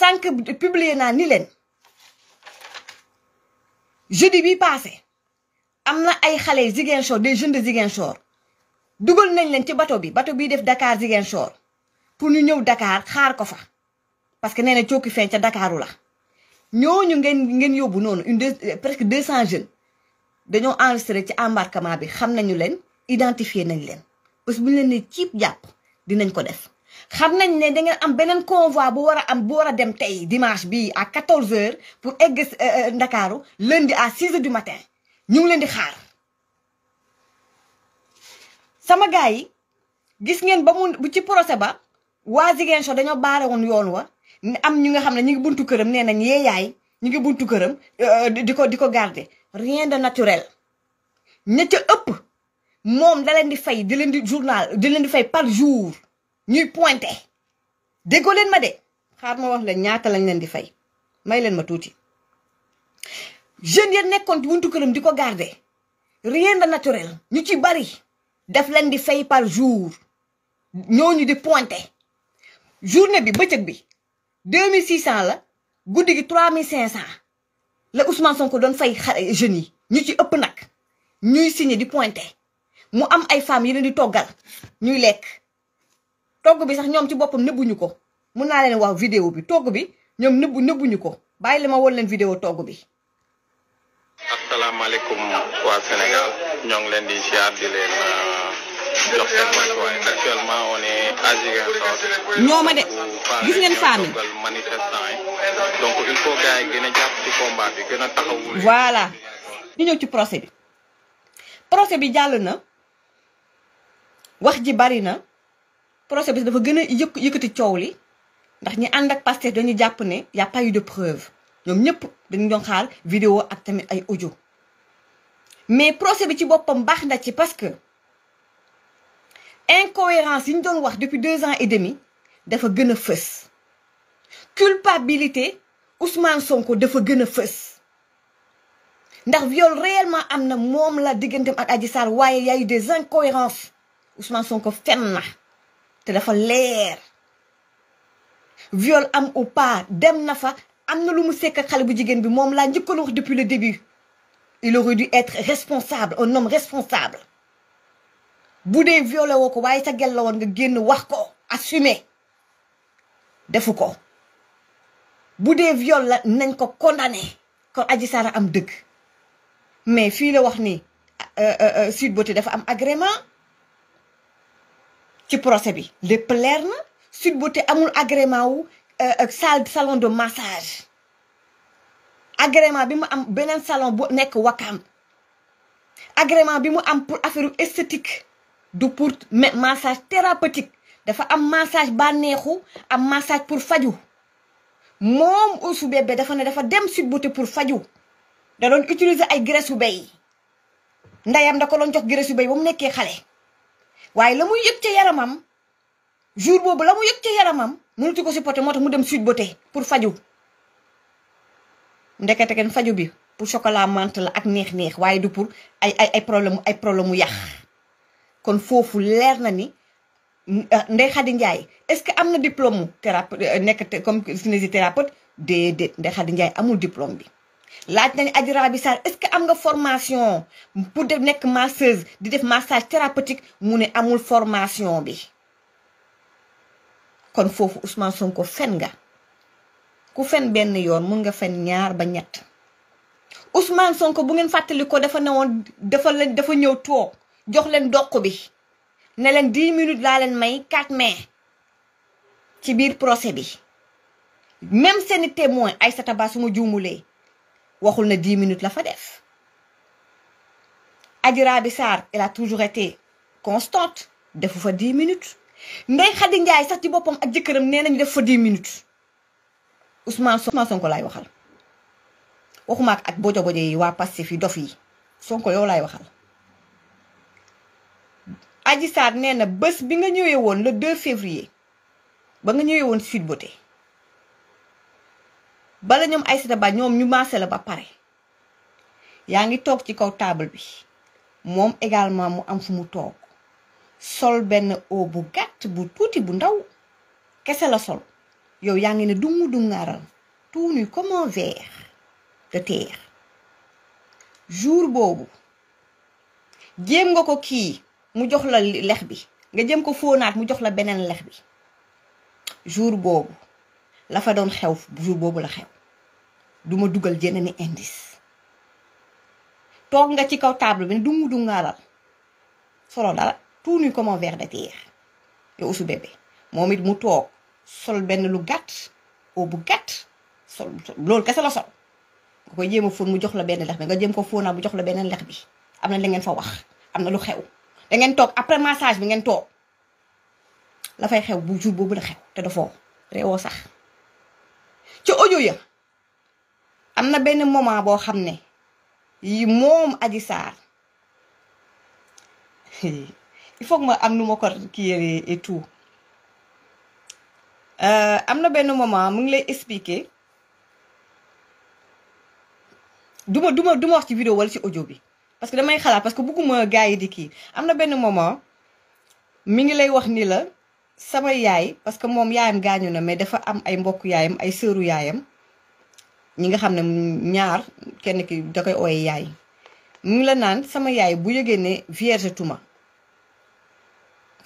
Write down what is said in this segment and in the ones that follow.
sànq publier naa ni leen jeudi bi passé am na ay xale Ziguinchor des jeunes de Ziguinchor dugal nañ leen ci bato bi bato bii def Dakar Ziguinchor pour ñu ñëw Dakar xaar ko fa parce que nee na cooki feeñ ca Dakaru la ñooñu ngeen ngeen yóbbu noonu une deux presque deux cent jeunes dañoo enregistré ci embarquement bi xam nañu leen identifier nañ leen parce que bu ñu leen ne ciip jàpp dinañ ko def xam nañ ne da ngeen am beneen convoi bu war a am bu war a dem tey dimanche bi à 14h pour egg euh, euh, Ndakaaru lundi à 6h du matin ñu ngi leen di xaar. sama gars yi gis ngeen ba mu ci procès ba waa Ziguinchor dañoo baare woon yoon wa am ñu nga xam ne ñu ngi buntu këram nee nañ yeeyaay ñu ngi buntu këram euh, di ko di ko garder rien de naturel ña ëpp moom da leen di fay di leen di journal di leen di fay par jour. ñuy pointé déggoo leen ma de xaar ma wax leen ñaata lañ leen di fay may leen ma tuuti jeunes ya nekkoon ci buntu këram di ko garder rien de naturel ñu ci bari daf leen di fay par jour ñooñu di pointé journée bi bëccëg bi 2600 la guddi gi 3500 la Ousmane Sonko doon fay xale jeunes yi ñu ci ëpp nag ñuy signé di pointé mu am ay femmes yi leen di toggal ñuy lekk. togg bi sax ñoom ci boppam nëbbuñu ko mun naa leen wax vidéo bi togg bi ñoom nëbbu nëbbuñu ko bàyyi li ma woon leen vidéo togg bi. asalaamaaleykum waa Sénégal ñoo ngi leen di ziar di leen euh, de gis ngeen faami donc il faut gars yi gën a jàpp ci combat bi gën a taxawul. voilà ñu ñëw ci procès bi procès bi jàll na wax ji bari na. procès bi dafa gën a yëkk yëkkati coow li ndax ñi ànd ak Pastef dañu jàpp ne y a pas de preuve ñoom ñëpp dañu doon xaar vidéo ak tamit ay audio mais procès bi ci boppam baax na ci parce que incohérence yi ñu doon wax depuis deux ans et demi dafa gën a fës culpabilité Ousmane Sonko dafa gën a fës ndax viol réellement am na moom la digganteem ak Adji Sarr waaye y des incohérences Ousmane Sonko fen na te dafa leer viol am ou pa dem na fa am na lu mu sekk ak xale bu jigéen bi moom laa njëkkoon wax depuis le début il aurait dû être responsable un homme responsable bu dee violé ko waaye sa gel la woon nga génn wax ko assumer defu ko bu dee viol la nañ ko condamné kon aji Sarr am dëgg mais fii la wax ni boo euh, euh, euh, Beauté dafa am agrément ci procès bi lépp leer na Sweet amul agrément wu euh, euh, salle salon de massage agrément bi mu am beneen salon bu nekk Wakaam agrément bi mu am pour affaire esthétique du pour massage thérapeutique dafa am massage bànneexu am massage pour faju moom Oussou Bébé dafa ne dafa dem Sweet Beauté pour faju da doon utiliser ay graisse yu béy ndeyam da ko doon jox graisse yu béy ba mu nekkee xale waaye la muy yëg ca yaramam jour boobu la mu yëg ca yaramam mënuti ko supporter moo tax mu dem Sweet Beauté pour faju ndekete kenn faju bi pour chocolat mante la ak neex-neex waaye du pour ay ay ay problème ay problème mu yàq kon foofu leer na ni Ndeye Khady Ndiaye est-ce que am na diplôme mu thérapeute nekk comme kinésithérapeute déedéet Ndeye Khady Ndiaye amul diplôme bi. laaj nañ Adji bi Sarr est-ce que am nga formation pour def nekk masseuse di def massage thérapeutique mu ne amul formation bi kon foofu Ousmane Sonko fen nga ku fen benn yoon mun nga fen ñaar ba ñett Ousmane Sonko bu ngeen fàttali dafa newoon dafa leen dafa ñëw toog jox leen doq bi ne leen 10 minutes laa leen may 4 mai ci biir procès bi même seeni témoin ay Ba su ma waxul na dix minutes la fa def Adji Raby Sarr elle toujours été constante defu fa dix minutes Ndeye Khady sax ci boppam ak jëkkëram nee nañu def fa dix minutes Ousmane Sonko laay waxal waxuma ak bojo bojo yi waa Pastef yi dof yi Sonko yow laay waxal Adji Sarr nee na bés bi nga ñëwee woon le 2 février ba nga ñëwee woon Sweet Beauté bala ñoom ay Aïssata Ba ñoom ñu maase la ba pare yaa ngi toog ci kaw taabal bi moom également mu am fu mu toog sol benn o bu gàtt bu tuuti bu ndaw kese la sol yow yaa ngi ne dungu dungaaral tout nu comme un verre de terre jour boobu jéem nga ko kii mu jox la lex bi nga jéem ko fóonaat mu jox la beneen lex bi jour boobu la fa doon xew jour boobu la xew du ma dugal jeneeni indi toog nga ci kaw table bi ne dungu dungaaral solo dara tout nu comme un verre de terre yow Ouzou Bébé moom it mu toog sol benn lu gàtt oo bu gàtt sol loolu kese la sol nga koy jéem a fóon mu jox la benn lex bi nga jéem ko fóonaa mu jox la benn lex bi am na la ngeen fa wax am na lu xew da toog après massage bi ngeen toog la fay xew bu jour boobu la xew te dafoo reewoo sax ca audio ya am na benn moment boo xam ne yi moom Adji il faut ma am nu ma ko kii yére et euh, am na benn moment mu ngi lay expliquer duma duma duma wax ci vidéo wala ci audio bi parce que damay xalaat parce que bëgguma gars yi di kii am na benn moment mu ngi lay wax ni la sama yaay parce que moom yaayam gaañu na mais dafa am ay mbokk yaayam ay sëru yaayam ñi nga xam ne ñaar kenn ki da koy ooye yaay mu ngi la naan sama yaay bu yëgee ne vierge tuma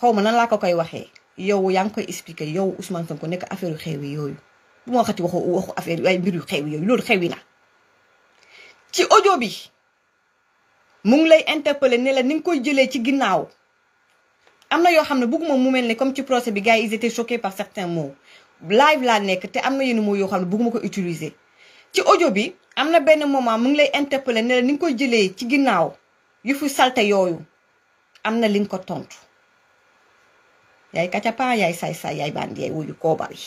xaw ma nan laa ko koy waxee yow yaa ngi koy expliquer yow Ousmane ko nekk affaire yu xew yi yooyu bu ma waxati waxu waxu affaire ay mbir yu xew yi yooyu loolu xew yi naa ci audio bi mu ngi lay interpeller ne la ni nga koy jëlee ci ginnaaw am na yoo xam ne bëgguma mu mel ne comme ci procès bi gars yi ils étaient choqués par certains mots live laa nekk te am na yenn mots yoo xam ne bëgguma ko utiliser ci audio bi am na benn moment mu ngi lay interpeller ne la ni nga ko jëlee ci ginnaaw yu fu salte yooyu am na li nga ko tontu yaay kacapaa yaay saay-saay yaay bandi yaay wuyu kooba yi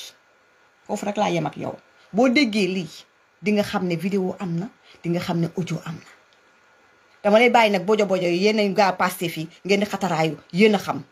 foofu rek laa yem ak yow boo déggee lii di nga xam ne vidéo am na di nga xam ne audio am na dama lay bàyyi nag bojo bojo yi yéen gaa Pastef fii ngeen di xataraayu yéen a xam